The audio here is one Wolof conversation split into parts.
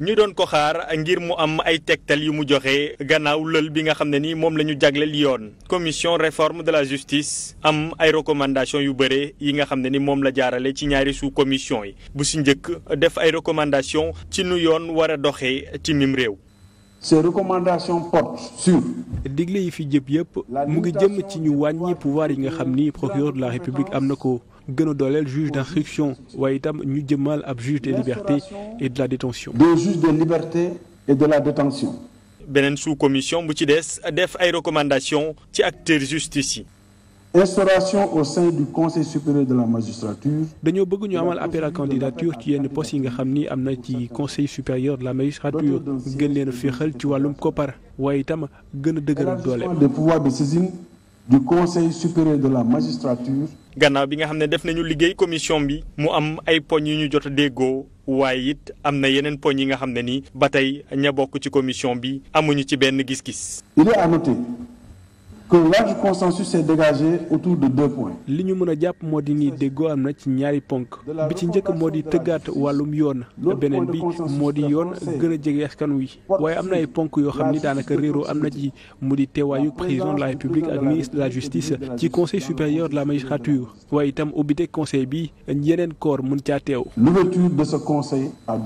ñu doon ko xaar ngir mu am ay tegtal yu mu joxe gannaaw lël bi nga xam ne ni moom la ñu jagleel yoon commission réforme de la justice am ay recommandations yu bëre yi nga xam ne ni moom la jaarale ci ñaari sous commission yi bu si njëkk def ay recommandations ci nu yoon war a doxee ci mim réew. ces recommandations portent sur. digle yi fi jëpp yëpp mu ngi jëm ci ñu wàññi pouvoir yi nga xam ni procureur de la république am na ko. gën a dooleel juge d'instruction waaye itam ñu jëmmal ab juge des libertés et de la détention des juges des libertés et de la détention beneen sous commission bu ci des def ay recommandation ci acteurs justice yi instauration au sein du conseil supérieur dañoo bëgg ñu amal appel à candidature ci yenn postes yi nga xam ni am na ci conseil supérieur de la magistrature gën leen a féexal ci wàllum koppar waaye itam gën a dëgëral doole. des pouvoirs du conseil supérieur de la magistrature. gannaaw bi nga xam ne def nañu liggéey commission bi mu am ay poñ yu ñu jot a déggoo waaye it am na yeneen poñ yi nga xam ne ni ba tey ña bokk ci commission bi amuñu ci benn gis-gis. il que là du consensus s'est dégagé li ñu mën a jàpp moo di nii déggoo am na ci ñaari ponk bi ci njëkk moo di tëggaat wàllum yoon beneen bi moo di yoon gën a jege askan wi waaye am na ay ponk yoo xam ni daanaka réeroo am na ci mu di teewaayu président de la république ak ministre de la justice ci conseil supérieur de la magistrature waaye itam ubbite conseil bi yeneen corps mën caa teew. l'ouverture de ce conseil à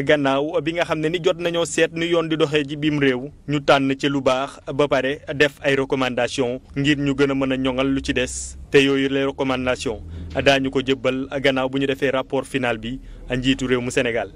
gannaaw bi nga xam ne ni jot nañoo seet ni yoon di doxee ji biim réew ñu tànn ci lu baax ba pare def ay recommandations ngir ñu gën a mën a ñoŋal lu ci des te yooyu les recommandations daañu ko jëbbal gannaaw bu ñu defee rapport final bi njiitu réew mu Sénégal.